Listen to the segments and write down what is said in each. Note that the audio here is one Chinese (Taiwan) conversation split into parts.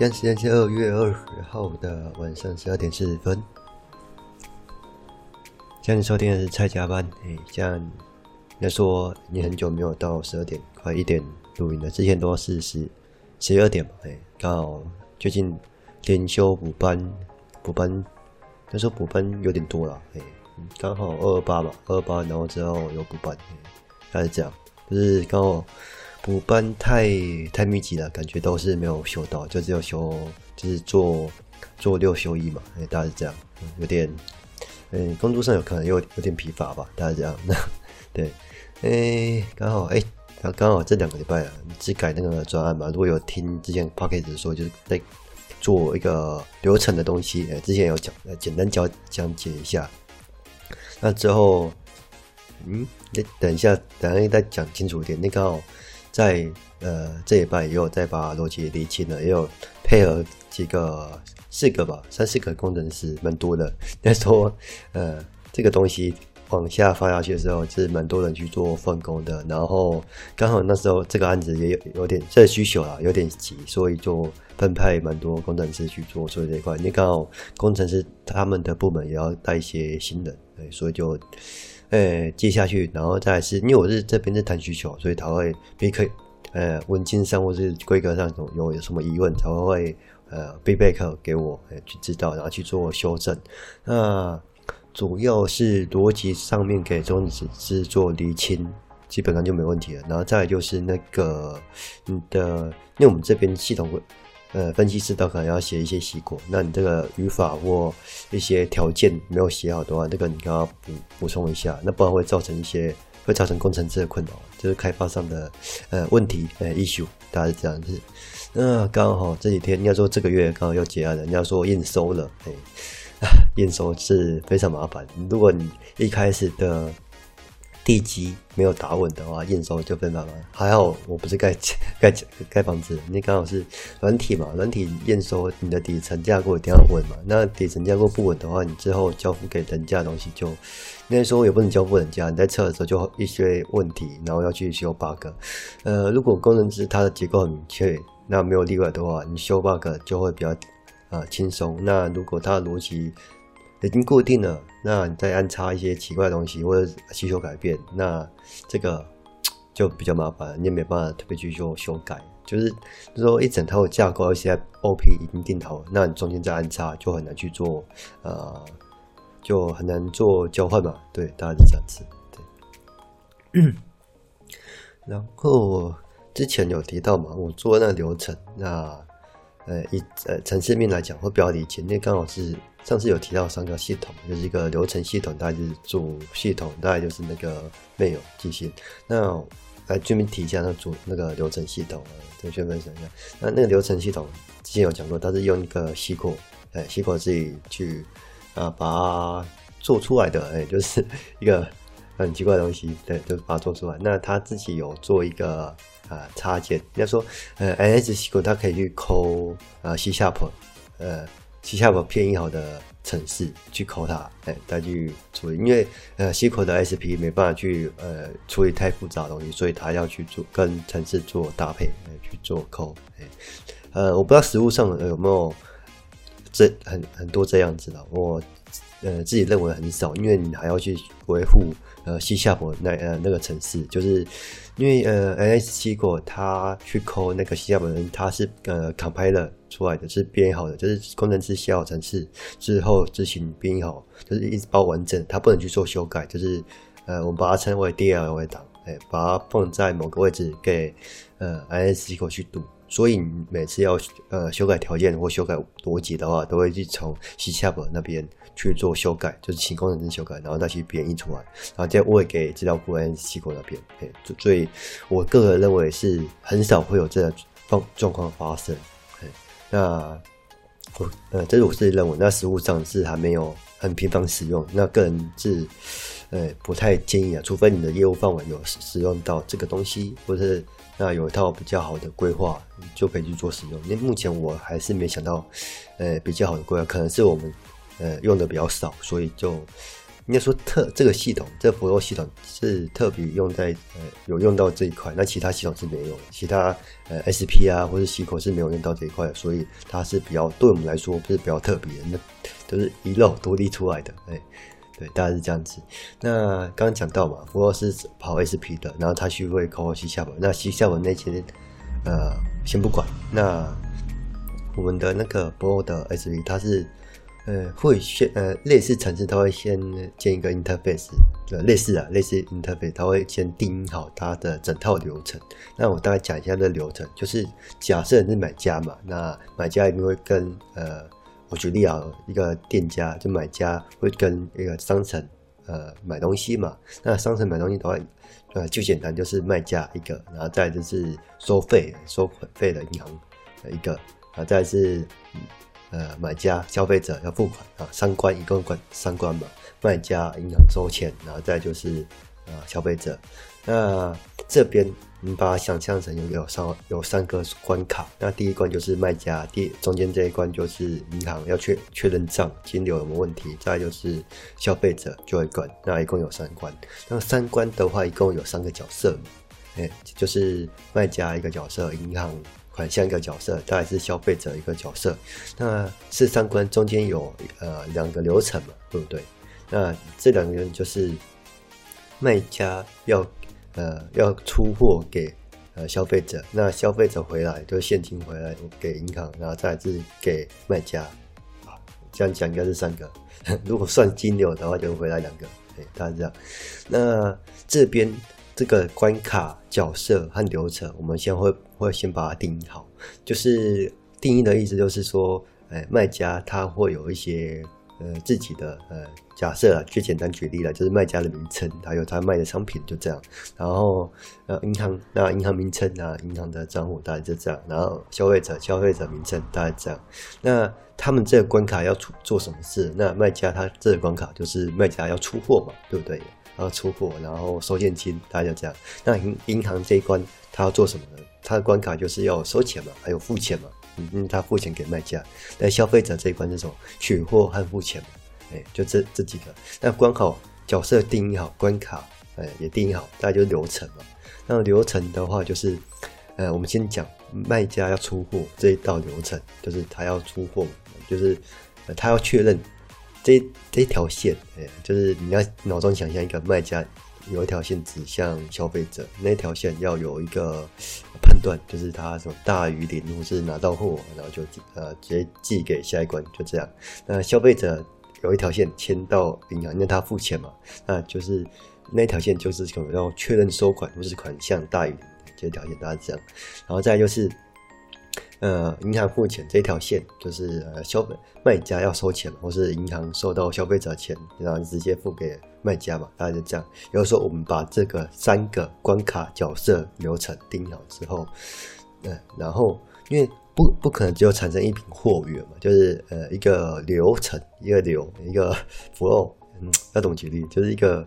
現在時間是二月二十號的晚上十二點四十分。現在收聽的是蔡家班，哎、欸，像你說，你很久沒有到十二點快一點錄音了，之前都是十、十二點嘛，哎、欸，剛好最近連休補班，補班那時候補班有點多了，哎、欸，剛好二二八嘛，二八，然後之後有補班，開始講，就是剛好。五班，太太密集了，感覺都是沒有休到，就只有休，就是做做六休一嘛，誒，大家是這樣，有點，嗯，工作上有可能有有點疲乏吧，大家是這樣那，對，誒，剛好誒，剛剛好這兩個禮拜啊，去改那個專案嘛，如果有聽之前 Podcast 的時候，就是在做一個流程的東西，誒之前有講，呃，簡單講講解一下，那之後，嗯，你等一下，等一下再講清楚一點，那個。在呃，這一版也有，再把邏輯理清了，也有配合幾個四個吧，三四個工程師蠻多的。但是說，呃，這個東西往下發下去的時候，是蠻多人去做分工的。然後剛好那時候這個案子也有有點這需求啊，有點急，所以就分派蠻多工程師去做。所以這一塊，因為剛好工程師他們的部門也要帶一些新人，對，所以就。呃，接下去，然後再是因為我是這邊在談需求，所以他會你可以，呃，文件上或是規格上有有什麼疑問，他會呃 feedback 給我誒去知道，然後去做修正。那、呃、主要是邏輯上面給中止是做釐清，基本上就沒問題了。然後再就是那個你的，因為我們這邊系統會。呃，分析師都可能要寫一些習慣，那你這個語法或一些條件沒有寫好的話，這、那個你就要補補充一下，那不然會造成一些會造成工程師的困擾，就是開發上的呃問題呃、欸、issue，大家這樣子。嗯，剛好這幾天應該說這個月剛好要結案了，人家說驗收了，哎、欸、驗、啊、驗收是非常麻煩，如果你一開始的。地基沒有打穩的話，驗收就沒辦法。還好我不是蓋蓋蓋房子，你剛好是軟體嘛，軟體驗收你的底層架構一定要穩嘛。那底層架構不穩的話，你之後交付給人家的東西就那時候也不能交付人家。你在測的時候就一些問題，然後要去修 bug。呃，如果工程師他的結構很明確，那沒有例外的話，你修 bug 就會比較啊輕鬆。那如果他的邏輯，已經固定了，那你再安插一些奇怪的東西或者需求改變，那這個就比較麻煩，你也沒辦法特別去做修改，就是。就是說一整套的架構，現在 OP 已經定好了，那你中間再安插就很難去做，呃，就很難做交換嘛。對，大概是這樣子。對。嗯， 然後之前有提到嘛，我做那個流程，那。呃，以呃，層次面來講會比較理解，那剛好是上次有提到三個系統，就是一個流程系統，大概就是主系統，大概就是那個內容中心。那來專門提一下那主、個、那個流程系統啊，準、呃、確分享一下。那那個流程系統之前有講過，它是用一個西果，哎，西果自己去啊、呃，把它做出來的，哎，就是一個很奇怪的東西，對，就把它做出來。那他自己有做一個。啊、呃，插件，人家說，呃，MS SQL 它可以去 call 啊、呃，C#，呃，C# 編譯好的程式去 call 它，哎、欸，再去處理，因為呃，SQL 的 SP 沒辦法去呃處理太複雜的東西，所以它要去做跟程式做搭配，哎、呃，去做 call、欸，呃，我不知道實務上有沒有這很很多這樣子的，我呃自己認為很少，因為你還要去維護。呃，西夏普那呃那個程式，就是因為呃，NS 七國他去摳那個西夏普人，他是呃 compiler 出來的，是編好的，就是工程師寫好程序之後執行編譯好，就是一包完整，他不能去做修改，就是呃，我們把它稱為 DLL 檔，哎、欸，把它放在某個位置給呃 NS 七國去讀。所以你每次要修呃修改條件或修改邏輯的話，都會去從 C# 那邊去做修改，就是新功能的修改，然後再去編譯出來，然後再餵給資料庫，然後西狗那邊。哎，所以我個人認為是很少會有這方狀況發生。欸、那我呃，這是我是認為，那實務上是還沒有很頻繁使用，那個人是呃、欸、不太建議啊，除非你的業務範圍有使用到這個東西，或是。那有一套比較好的規劃，就可以去做使用。因為目前我還是沒想到，呃，比較好的規劃，可能是我們，呃，用的比較少，所以就應該說特這個系統，這 Flow 系統是特別用在呃有用到這一塊，那其他系統是沒有，其他呃 SP 啊或者 C 口是沒有用到這一塊的，所以它是比較對我們來說是比較特別的，都、就是一漏獨立出來的，哎、欸。對，大概是這樣子。那剛剛講到嘛，博二是跑 SP 的，然後他去會考西夏文。那西夏文那些，呃，先不管。那我們的那個博二的 SP，他是呃會先呃類似城市，他會先建一個 interface，呃，類似啊，類似 interface，他會先定好他的整套流程。那我大概講一下這個流程，就是假設你是買家嘛，那買家一定會跟呃。我舉例啊，一個店家就買家會跟一個商城，呃，買東西嘛。那商城買東西的話，呃，最簡單，就是賣家一個，然後再就是收費、收款費的銀行的一個，啊，再是、嗯、呃買家、消費者要付款啊，三關一共管三關嘛，賣家銀行收錢，然後再就是呃消費者。那這邊你把它想象成有有三有三個關卡，那第一關就是賣家，第中間這一關就是銀行要確確認賬，金流有沒有問題，再就是消費者就一關，那一共有三關。那三關的話，一共有三個角色，哎、欸，就是賣家一個角色，銀行款項一個角色，再是消費者一個角色。那這三關中間有呃兩個流程嘛，對不對？那這兩個人就是賣家要。呃，要出貨給呃消費者，那消費者回來就現金回來給銀行，然後再是給賣家，好，這樣講應該是三個。如果算金流的話，就會回來兩個，哎，大概是這樣。那這邊這個關卡角色和流程，我們先會會先把它定義好，就是定義的意思就是說，哎、欸，賣家他會有一些。呃，自己的呃假設啊，最簡單舉例了，就是賣家的名稱，還有他賣的商品，就這樣。然後呃，銀行，那銀行名稱啊，那銀行的賬戶大概就這樣。然後消費者，消費者名稱大概這樣。那他們這個關卡要出做什麼事？那賣家他這個關卡就是賣家要出貨嘛，對不對？要出貨，然後收現金，大概就這樣。那銀銀行這一關他要做什麼呢？他的關卡就是要收錢嘛，還有付錢嘛。嗯，他付錢給賣家，那消費者這一關就是什麼取貨和付錢，哎、欸，就這這幾個。那關好角色定義好關卡，哎、欸，也定義好，大概就是流程嘛。那流程的話就是，呃，我們先講賣家要出貨這一道流程，就是他要出貨，就是他要確認。這這條線，哎、欸，就是你要腦中想象一個賣家，有一條線指向消費者，那條線要有一個判斷，就是他什麼大於零，或是拿到貨，然後就呃直接寄給下一關，就這樣。那消費者有一條線簽到銀行，讓他付錢嘛，那就是那條線就是可能要確認收款，或是款項大於零，這條線，大家這樣。然後再就是。呃，銀行付錢這條線就是呃，消費賣家要收錢，或是銀行收到消費者錢，然後直接付給賣家嘛，大概就這樣。有時候我們把這個三個關卡角色流程定好之後，嗯、呃，然後因為不不可能只有產生一筆貨源嘛，就是呃一個流程，一個流，一個 flow，嗯，要懂舉例，就是一個，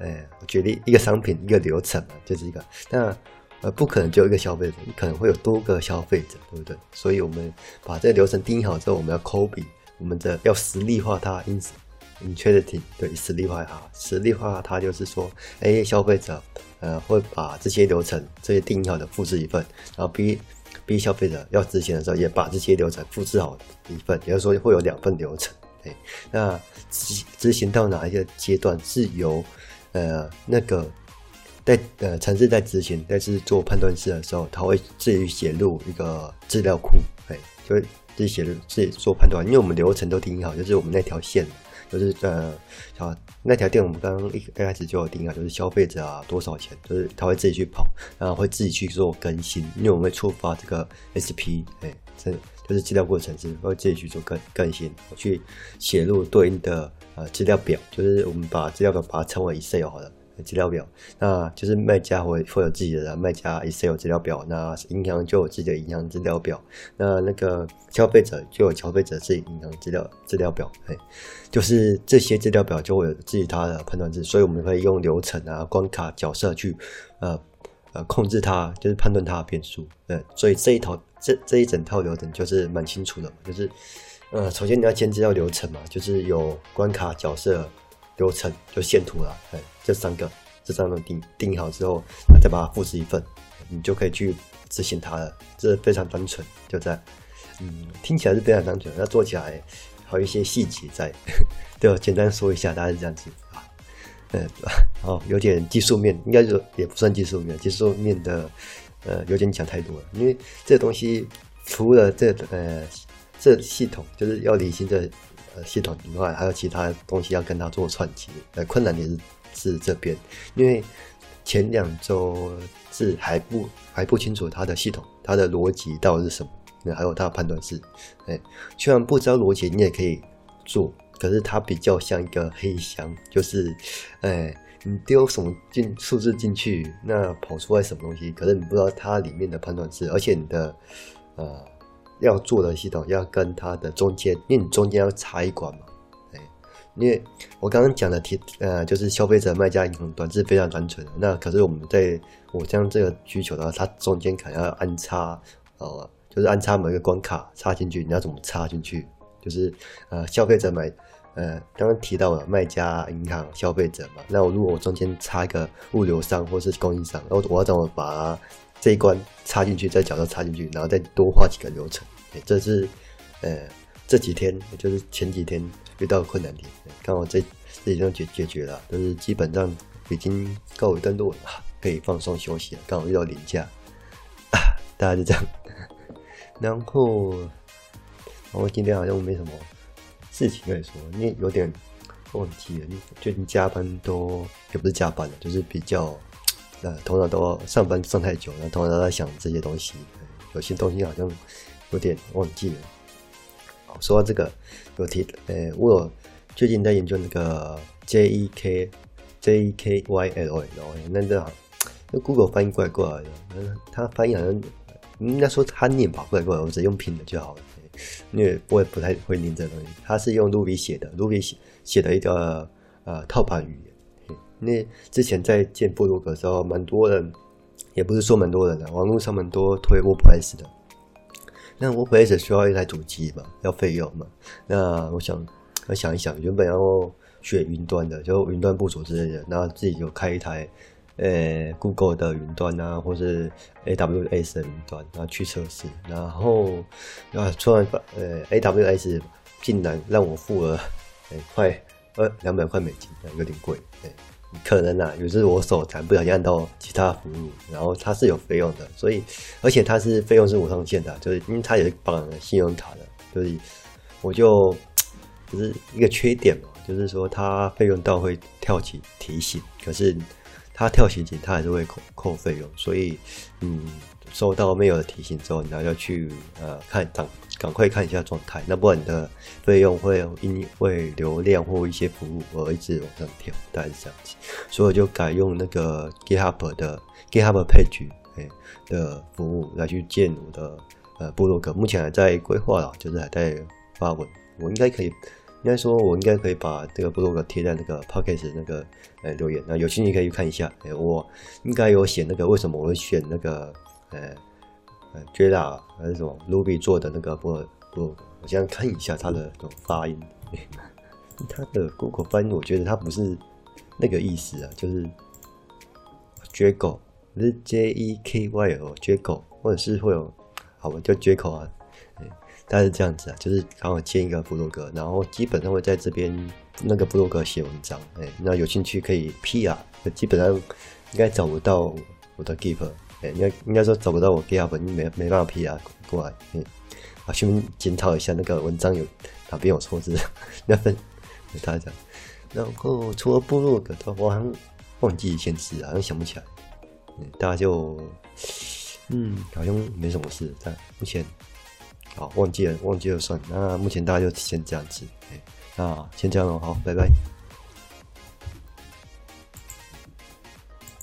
哎、呃，舉例一個商品一個流程嘛，就是一個那。而不可能只有一個消費者，你可能會有多個消費者，對不對？所以，我們把這個流程定義好之後，我們要 copy，我們的要實例化它。因此，你確定對實例化它，實例化它就是說，A 消費者呃會把這些流程這些定義好的複製一份，然後 B B 消費者要執行的時候也把這些流程複制好一份，也就是說會有兩份流程。哎，那執行執行到哪一個階段是由呃那個。在呃，程式在執行，但是做判斷式的時候，他會自己寫入一個資料庫，哎，就會自己寫入自己做判斷。因為我們流程都定好，就是我們那條線，就是呃，好那條店我們剛剛一開始就有定啊，就是消費者啊多少錢，就是他會自己去跑，然後會自己去做更新。因為我們會觸發這個 SP，哎，這就是資料庫的程式會自己去做更更新，去寫入對應的呃資料表，就是我們把資料表把它稱為 Excel 好了。資料表，那就是賣家或或者自己的賣家 Excel 資料表，那銀行就有自己的銀行資料表，那那個消費者就有消費者自己銀行資料資料表，哎，就是這些資料表就會有自己他的判斷值，所以我們可以用流程啊、關卡、角色去，呃呃控制它，就是判斷它的變數，對，所以這一套這這一整套流程就是蠻清楚的，就是呃，首先你要先知道流程嘛，就是有關卡、角色。流程就線圖了，哎、嗯，這三個，這三個定定好之後，再把它複製一份，你就可以去執行它了，這是非常單純，就這樣，嗯，聽起來是非常單純，要做起來還有一些細節在，對，簡單說一下，大概是這樣子啊，嗯，好，有點技術面，應該就，也不算技術面，技術面的，呃，有點講太多了，因為這東西除了這個、呃這個、系統，就是要理清這。呃，系統以外還有其他東西要跟他做串接，呃，困難也是是這邊，因為前兩周是還不還不清楚他的系統，他的邏輯到底是什麼，那還有他的判斷是，哎，雖然不知道邏輯，你也可以做，可是它比較像一個黑箱，就是，哎，你丟什麼進數字進去，那跑出來什麼東西，可是你不知道它裡面的判斷是，而且你的呃。要做的系統要跟它的中間，因為你中間要插一關嘛，因為我剛剛講的提呃，就是消費者、賣家、銀行，端是非常單純的。那可是我們在我將這個需求的話，它中間可能要安插，呃，就是安插某一個關卡插進去，你要怎麼插進去？就是呃，消費者買，呃，剛剛提到了賣家、銀行、消費者嘛，那我如果我中間插一個物流商或是供應商，我我要怎麼把？這一關插進去，在角上插進去，然後再多畫幾個流程。哎，這是呃，這幾天就是前幾天遇到的困難點，剛好這這幾天解解決了，但、就是基本上已經告一段落了，可以放鬆休息了。剛好遇到年假、啊，大家就這樣。然後，我今天好像沒什麼事情可以說，因為有點忘記了，最近加班多，也不是加班了，就是比較。嗯、通常都上班上太久了，然後通常都在想這些東西，嗯，有些東西好像有點忘記了。哦，說到這個，有提，呃、欸，我最近在研究那個 J E K J E K Y L L 那個那 Google 翻譯過來過來的，那他翻譯好像應該說他念吧，過來過來，我只用拼的就好了，欸、因為我也不太會念這東西，他是用 Ruby 寫的，Ruby 寫寫的一個呃套板語言。因為之前在建部落格的時候，蠻多人，也不是說蠻多人的，啊，網絡上蠻多推 WordPress 的。那 WordPress 需要一台主機嘛，要費用嘛。那我想，我想一想，原本要選雲端的，就雲端部署之類的，然後自己就開一台，呃、欸、Google 的雲端啊，或是 AWS 的雲端，然後去測試。然後啊，突然發，呃、欸、AWS 竟然讓我付了，呃、欸，快，呃兩百塊美金，有點貴，對、欸。可能啊，有、就是我手殘不小心按到其他服務，然後它是有費用的，所以而且它是費用是無上限的，就是因為它也是綁了信用卡的，所、就、以、是、我就只、就是一個缺點嘛，就是說它費用到會跳起提醒，可是它跳起醒它還是會扣扣費用，所以嗯。收到 mail 的提醒之後，你還要去呃看趕趕快看一下狀態，那不然你的費用會因為流量或一些服務而一直往上跳，大概是這樣子。所以我就改用那個 GitHub 的 GitHub page，欸，的服務來去建我的呃部落格，目前還在規劃了，就是還在發文。我應該可以，應該說我應該可以把這個部落格貼在那個 podcast 的那個，欸，留言，那有興趣可以去看一下。欸，我應該有寫那個為什麼我會選那個。呃、嗯，呃 Jekyll 還是什麼 Ruby 做的那個布布？我先看一下它的這種發音。它 的 Google 翻譯，我覺得它不是那個意思啊，就是 Jekyll 是 J E K Y L Jekyll 或者是會有，好吧，我就 Jekyll 啊。誒、嗯，它是這樣子啊，就是剛好簽一個布洛格，然後基本上會在這邊那個布洛格寫文章。誒、嗯，那有興趣可以 P 啊，基本上應該找不到我的 Keeper。應該應該說找不到我第二本，沒沒辦法批啊，過來，嗯、啊，順便檢討一下那個文章，有哪邊有錯字， 那份大家，然後除了部落格，我好像忘記一件事，好像想不起來，嗯、大家就嗯，好像沒什麼事，但目前好忘記了忘記了算，那目前大家就先這樣子，嗯、那好先這樣咯、哦。好拜拜。